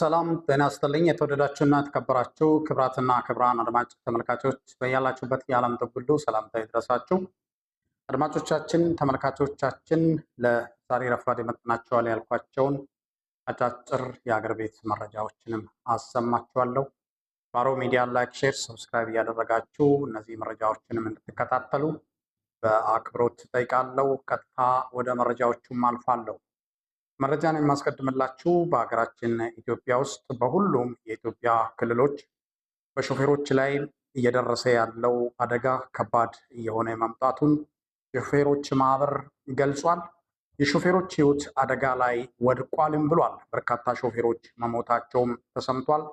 ሰላም ጤና ስጥልኝ። የተወደዳችሁና የተከበራችሁ ክብራትና ክብራን አድማጭ ተመልካቾች በያላችሁበት የዓለም ጥግ ሁሉ ሰላምታ ይድረሳችሁ። አድማጮቻችን፣ ተመልካቾቻችን ለዛሬ ረፋድ ይመጥናችኋል ያልኳቸውን አጫጭር የአገር ቤት መረጃዎችንም አሰማችኋለሁ። ባሮ ሚዲያ ላይክ፣ ሼር፣ ሰብስክራይብ እያደረጋችሁ እነዚህ መረጃዎችንም እንድትከታተሉ በአክብሮት ጠይቃለሁ። ቀጥታ ወደ መረጃዎቹም አልፋለሁ። መረጃን የማስቀድምላችሁ በሀገራችን ኢትዮጵያ ውስጥ በሁሉም የኢትዮጵያ ክልሎች በሾፌሮች ላይ እየደረሰ ያለው አደጋ ከባድ እየሆነ መምጣቱን የሾፌሮች ማህበር ገልጿል። የሾፌሮች ሕይወት አደጋ ላይ ወድቋልም ብሏል። በርካታ ሾፌሮች መሞታቸውም ተሰምቷል።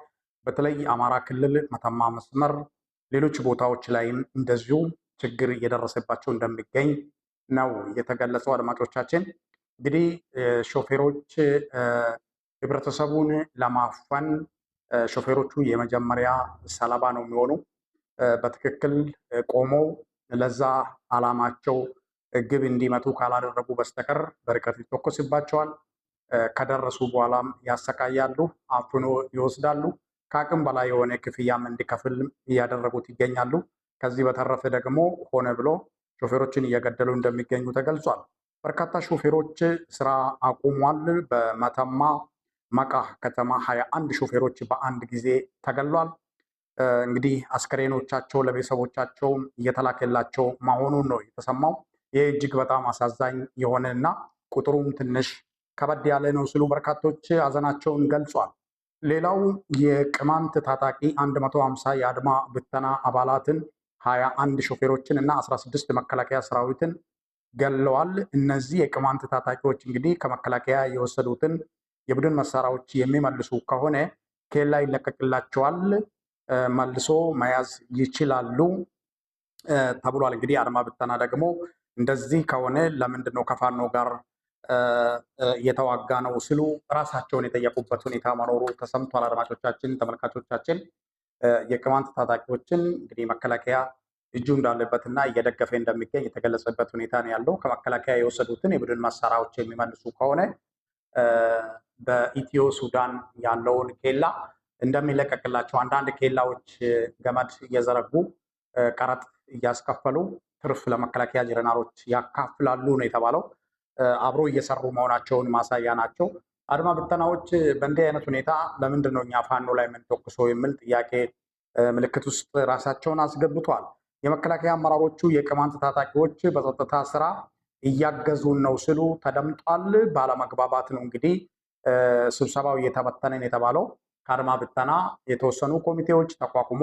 በተለይ አማራ ክልል መተማ መስመር፣ ሌሎች ቦታዎች ላይም እንደዚሁ ችግር እየደረሰባቸው እንደሚገኝ ነው የተገለጸው። አድማጮቻችን እንግዲህ ሾፌሮች ህብረተሰቡን ለማፈን ሾፌሮቹ የመጀመሪያ ሰለባ ነው የሚሆኑ። በትክክል ቆመው ለዛ አላማቸው ግብ እንዲመቱ ካላደረጉ በስተቀር በርቀት ይተኮስባቸዋል። ከደረሱ በኋላም ያሰቃያሉ፣ አፍኖ ይወስዳሉ። ከአቅም በላይ የሆነ ክፍያም እንዲከፍል እያደረጉት ይገኛሉ። ከዚህ በተረፈ ደግሞ ሆነ ብሎ ሾፌሮችን እየገደሉ እንደሚገኙ ተገልጿል። በርካታ ሾፌሮች ስራ አቁሟል። በመተማ መቃ ከተማ ሀያ አንድ ሾፌሮች በአንድ ጊዜ ተገሏል። እንግዲህ አስከሬኖቻቸው ለቤተሰቦቻቸው እየተላከላቸው መሆኑን ነው የተሰማው። ይህ እጅግ በጣም አሳዛኝ የሆነ እና ቁጥሩም ትንሽ ከበድ ያለ ነው ሲሉ በርካቶች ሀዘናቸውን ገልጿል። ሌላው የቅማንት ታጣቂ 150 የአድማ ብተና አባላትን 21 ሾፌሮችን እና 16 መከላከያ ሰራዊትን ገለዋል። እነዚህ የቅማንት ታጣቂዎች እንግዲህ ከመከላከያ የወሰዱትን የቡድን መሳሪያዎች የሚመልሱ ከሆነ ኬላ ይለቀቅላቸዋል፣ መልሶ መያዝ ይችላሉ ተብሏል። እንግዲህ አድማ ብተና ደግሞ እንደዚህ ከሆነ ለምንድን ነው ከፋኖ ጋር የተዋጋ ነው ሲሉ ራሳቸውን የጠየቁበት ሁኔታ መኖሩ ተሰምቷል። አድማጮቻችን፣ ተመልካቾቻችን የቅማንት ታጣቂዎችን እንግዲህ መከላከያ እጁ እንዳለበትና እየደገፈ እንደሚገኝ የተገለጸበት ሁኔታ ነው ያለው። ከመከላከያ የወሰዱትን የቡድን መሳሪያዎች የሚመልሱ ከሆነ በኢትዮ ሱዳን ያለውን ኬላ እንደሚለቀቅላቸው አንዳንድ ኬላዎች ገመድ እየዘረጉ ቀረጥ እያስከፈሉ ትርፍ ለመከላከያ ጀነራሎች ያካፍላሉ ነው የተባለው። አብሮ እየሰሩ መሆናቸውን ማሳያ ናቸው። አድማ ብተናዎች በእንዲህ አይነት ሁኔታ ለምንድን ነው እኛ ፋኖ ላይ የምንተኩሰው የሚል ጥያቄ ምልክት ውስጥ ራሳቸውን አስገብቷል። የመከላከያ አመራሮቹ የቅማንት ታጣቂዎች በጸጥታ ስራ እያገዙን ነው ሲሉ ተደምጧል። ባለመግባባት ነው እንግዲህ ስብሰባው እየተበተነን የተባለው ከአድማ ብተና የተወሰኑ ኮሚቴዎች ተቋቁሞ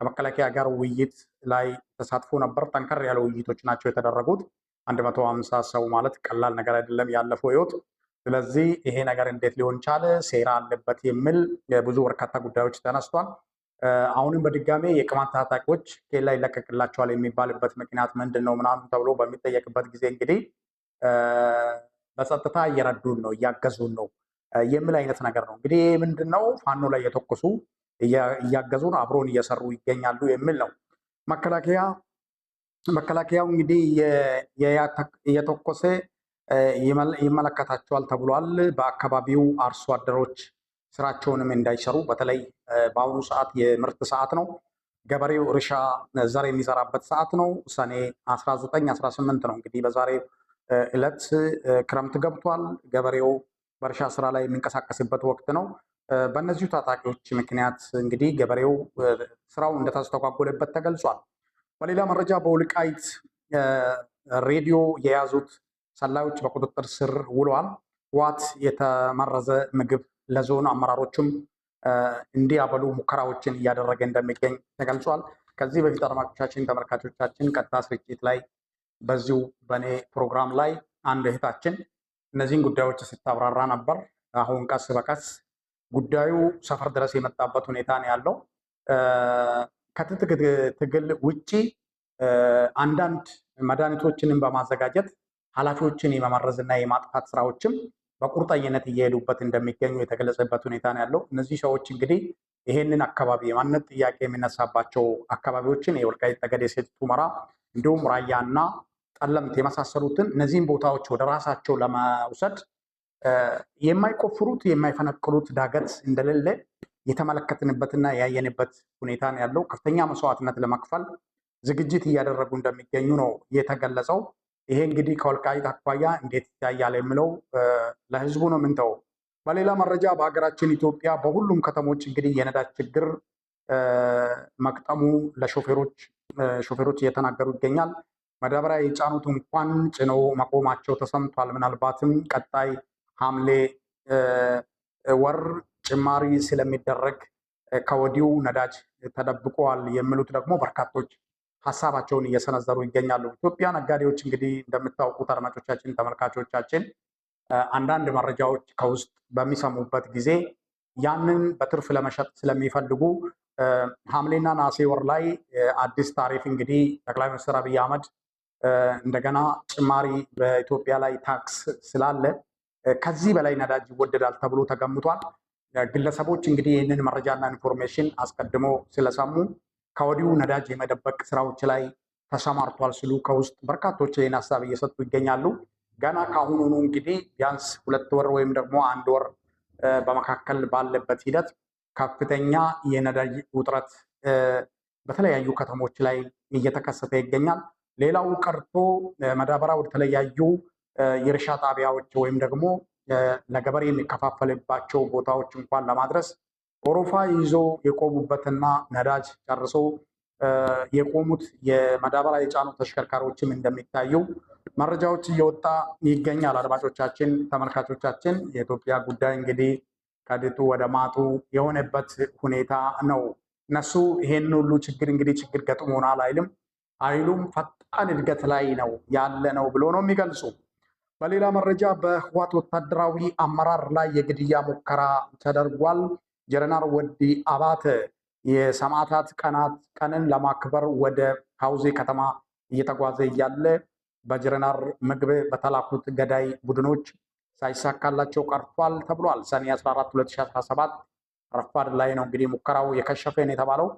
ከመከላከያ ጋር ውይይት ላይ ተሳትፎ ነበር። ጠንከር ያለ ውይይቶች ናቸው የተደረጉት። አንድ መቶ አምሳ ሰው ማለት ቀላል ነገር አይደለም ያለፈው ህይወት። ስለዚህ ይሄ ነገር እንዴት ሊሆን ቻለ፣ ሴራ አለበት የሚል ብዙ በርካታ ጉዳዮች ተነስቷል። አሁንም በድጋሜ የቅማንት ታጣቂዎች ኬላ ይለቀቅላቸዋል የሚባልበት ምክንያት ምንድን ነው ምናምን ተብሎ በሚጠየቅበት ጊዜ እንግዲህ በጸጥታ እየረዱን ነው እያገዙን ነው የሚል አይነት ነገር ነው። እንግዲህ ምንድን ነው ፋኖ ላይ የተኮሱ እያገዙን አብሮን እየሰሩ ይገኛሉ የሚል ነው። መከላከያ መከላከያው እንግዲህ እየተኮሰ ይመለከታቸዋል ተብሏል። በአካባቢው አርሶ አደሮች ስራቸውንም እንዳይሰሩ በተለይ በአሁኑ ሰዓት የምርት ሰዓት ነው። ገበሬው እርሻ ዘር የሚዘራበት ሰዓት ነው። ሰኔ 19 18 ነው። እንግዲህ በዛሬ እለት ክረምት ገብቷል። ገበሬው በእርሻ ስራ ላይ የሚንቀሳቀስበት ወቅት ነው። በእነዚሁ ታጣቂዎች ምክንያት እንግዲህ ገበሬው ስራው እንደተስተጓጎለበት ተገልጿል። በሌላ መረጃ በውልቃይት ሬዲዮ የያዙት ሰላዮች በቁጥጥር ስር ውለዋል። ዋት የተመረዘ ምግብ ለዞኑ አመራሮችም እንዲያበሉ ሙከራዎችን እያደረገ እንደሚገኝ ተገልጿል። ከዚህ በፊት አድማጮቻችን፣ ተመልካቾቻችን ቀጥታ ስርጭት ላይ በዚሁ በእኔ ፕሮግራም ላይ አንድ እህታችን እነዚህን ጉዳዮች ስታብራራ ነበር። አሁን ቀስ በቀስ ጉዳዩ ሰፈር ድረስ የመጣበት ሁኔታ ነው ያለው። ከትጥቅ ትግል ውጭ አንዳንድ መድኃኒቶችንም በማዘጋጀት ኃላፊዎችን የመመረዝ እና የማጥፋት ስራዎችም በቁርጠኝነት እየሄዱበት እንደሚገኙ የተገለጸበት ሁኔታ ነው ያለው። እነዚህ ሰዎች እንግዲህ ይሄንን አካባቢ የማንነት ጥያቄ የሚነሳባቸው አካባቢዎችን የወልቃይት ጠገዴ፣ ሰቲት ሁመራ እንዲሁም ራያና ጠለምት የመሳሰሉትን እነዚህን ቦታዎች ወደ ራሳቸው ለመውሰድ የማይቆፍሩት የማይፈነቅሉት ዳገት እንደሌለ የተመለከትንበትና ያየንበት ሁኔታ ነው ያለው። ከፍተኛ መስዋዕትነት ለመክፈል ዝግጅት እያደረጉ እንደሚገኙ ነው የተገለጸው። ይሄ እንግዲህ ከወልቃይት አኳያ እንዴት ይታያል የሚለው ለህዝቡ ነው የምንተው። በሌላ መረጃ በሀገራችን ኢትዮጵያ በሁሉም ከተሞች እንግዲህ የነዳጅ ችግር መቅጠሙ ለሾፌሮች ሾፌሮች እየተናገሩ ይገኛል። መዳበሪያ የጫኑት እንኳን ጭነው መቆማቸው ተሰምቷል። ምናልባትም ቀጣይ ሐምሌ ወር ጭማሪ ስለሚደረግ ከወዲሁ ነዳጅ ተደብቋል የሚሉት ደግሞ በርካቶች ሀሳባቸውን እየሰነዘሩ ይገኛሉ። ኢትዮጵያ ነጋዴዎች እንግዲህ እንደምታውቁት አድማጮቻችን፣ ተመልካቾቻችን አንዳንድ መረጃዎች ከውስጥ በሚሰሙበት ጊዜ ያንን በትርፍ ለመሸጥ ስለሚፈልጉ ሐምሌና ነሐሴ ወር ላይ አዲስ ታሪፍ እንግዲህ ጠቅላይ ሚኒስትር አብይ አህመድ እንደገና ጭማሪ በኢትዮጵያ ላይ ታክስ ስላለ ከዚህ በላይ ነዳጅ ይወደዳል ተብሎ ተገምቷል። ግለሰቦች እንግዲህ ይህንን መረጃና ኢንፎርሜሽን አስቀድሞ ስለሰሙ ከወዲሁ ነዳጅ የመደበቅ ስራዎች ላይ ተሰማርቷል ሲሉ ከውስጥ በርካቶች ይህን ሀሳብ እየሰጡ ይገኛሉ። ገና ከአሁኑኑ እንግዲህ ቢያንስ ሁለት ወር ወይም ደግሞ አንድ ወር በመካከል ባለበት ሂደት ከፍተኛ የነዳጅ ውጥረት በተለያዩ ከተሞች ላይ እየተከሰተ ይገኛል። ሌላው ቀርቶ መዳበሪያ ወደ ተለያዩ የእርሻ ጣቢያዎች ወይም ደግሞ ለገበሬ የሚከፋፈልባቸው ቦታዎች እንኳን ለማድረስ ኦሮፋ ይዞ የቆሙበትና ነዳጅ ጨርሶ የቆሙት የማዳበሪያ የጫኑ ተሽከርካሪዎችም እንደሚታዩ መረጃዎች እየወጣ ይገኛል። አድማጮቻችን፣ ተመልካቾቻችን የኢትዮጵያ ጉዳይ እንግዲህ ከድጡ ወደ ማጡ የሆነበት ሁኔታ ነው። እነሱ ይሄን ሁሉ ችግር እንግዲህ ችግር ገጥሞናል አይልም አይሉም ፈጣን እድገት ላይ ነው ያለ ነው ብሎ ነው የሚገልጹ። በሌላ መረጃ በህዋት ወታደራዊ አመራር ላይ የግድያ ሙከራ ተደርጓል። ጀነራል ወዲ አባተ የሰማዕታት ቀናት ቀንን ለማክበር ወደ ሐውዜ ከተማ እየተጓዘ እያለ በጀነራል ምግብ በተላኩት ገዳይ ቡድኖች ሳይሳካላቸው ቀርቷል ተብሏል። ሰኔ 14 2017 ረፋድ ላይ ነው እንግዲህ ሙከራው የከሸፈን የተባለው።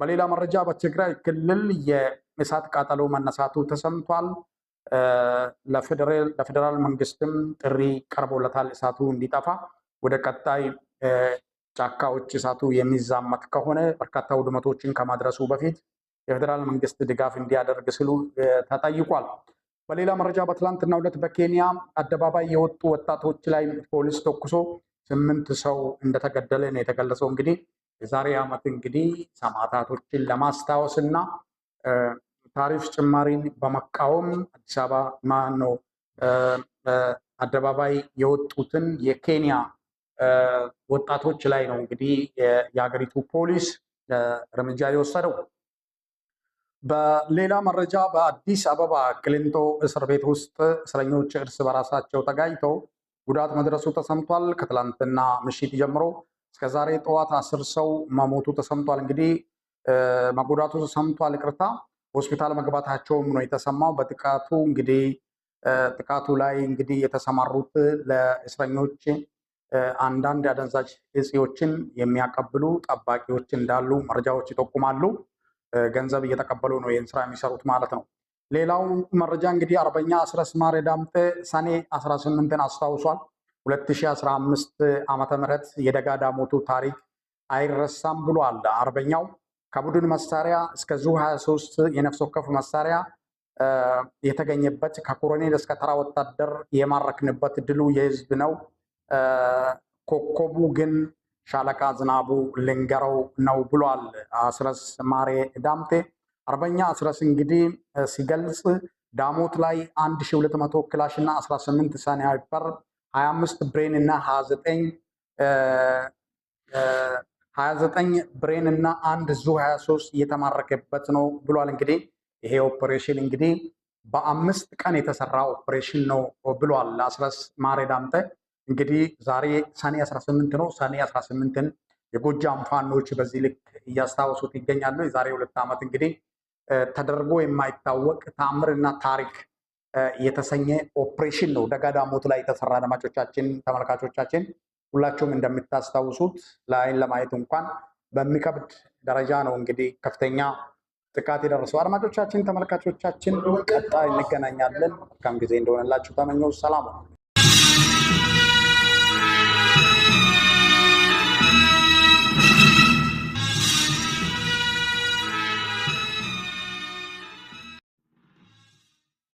በሌላ መረጃ በትግራይ ክልል የእሳት ቃጠሎ መነሳቱ ተሰምቷል። ለፌዴራል መንግስትም ጥሪ ቀርቦለታል እሳቱ እንዲጠፋ ወደ ቀጣይ ጫካዎች እሳቱ የሚዛመት ከሆነ በርካታ ውድመቶችን ከማድረሱ በፊት የፌዴራል መንግስት ድጋፍ እንዲያደርግ ሲሉ ተጠይቋል። በሌላ መረጃ በትላንትናው ዕለት በኬንያ አደባባይ የወጡ ወጣቶች ላይ ፖሊስ ተኩሶ ስምንት ሰው እንደተገደለ ነው የተገለጸው። እንግዲህ የዛሬ ዓመት እንግዲህ ሰማዕታቶችን ለማስታወስ እና ታሪፍ ጭማሪን በመቃወም አዲስ አበባ ማነው አደባባይ የወጡትን የኬንያ ወጣቶች ላይ ነው እንግዲህ የሀገሪቱ ፖሊስ እርምጃ የወሰደው። በሌላ መረጃ በአዲስ አበባ ቅሊንጦ እስር ቤት ውስጥ እስረኞች እርስ በራሳቸው ተጋጭተው ጉዳት መድረሱ ተሰምቷል። ከትላንትና ምሽት ጀምሮ እስከዛሬ ጠዋት አስር ሰው መሞቱ ተሰምቷል። እንግዲህ መጎዳቱ ተሰምቷል። ይቅርታ ሆስፒታል መግባታቸውም ነው የተሰማው። በጥቃቱ እንግዲህ ጥቃቱ ላይ እንግዲህ የተሰማሩት ለእስረኞች አንዳንድ አደንዛዥ እጽዎችን የሚያቀብሉ ጠባቂዎች እንዳሉ መረጃዎች ይጠቁማሉ። ገንዘብ እየተቀበሉ ነው ይህን ስራ የሚሰሩት ማለት ነው። ሌላው መረጃ እንግዲህ አርበኛ አስረስ ማረ ዳምጤ ሰኔ 18ን አስታውሷል። 2015 ዓመተ ምህረት የደጋ ዳሞቱ ታሪክ አይረሳም ብሏል። አርበኛው ከቡድን መሳሪያ እስከ ዙ 23 የነፍስ ወከፍ መሳሪያ የተገኘበት ከኮሎኔል እስከ ተራ ወታደር የማረክንበት ድሉ የህዝብ ነው ኮከቡ ግን ሻለቃ ዝናቡ ልንገረው ነው ብሏል አስረስ ማሬ ዳምጤ። አርበኛ አስረስ እንግዲህ ሲገልጽ ዳሞት ላይ 1200 ክላሽ እና 18 ሳኒያዊፐር 25 ብሬን እና 29 ብሬን እና አንድ ዙ 23 እየተማረከበት ነው ብሏል። እንግዲህ ይሄ ኦፕሬሽን እንግዲህ በአምስት ቀን የተሰራ ኦፕሬሽን ነው ብሏል አስረስ ማሬ ዳምጤ። እንግዲህ ዛሬ ሰኔ 18 ነው። ሰኔ 18ን የጎጃም ፋኖች በዚህ ልክ እያስታወሱት ይገኛሉ። የዛሬ ሁለት ዓመት እንግዲህ ተደርጎ የማይታወቅ ተአምርና ታሪክ የተሰኘ ኦፕሬሽን ነው ደጋዳሞት ላይ የተሰራ። አድማጮቻችን፣ ተመልካቾቻችን ሁላችሁም እንደምታስታውሱት ለአይን ለማየት እንኳን በሚከብድ ደረጃ ነው እንግዲህ ከፍተኛ ጥቃት የደረሰው። አድማጮቻችን፣ ተመልካቾቻችን ቀጣይ እንገናኛለን። መልካም ጊዜ እንደሆነላችሁ ተመኘው። ሰላም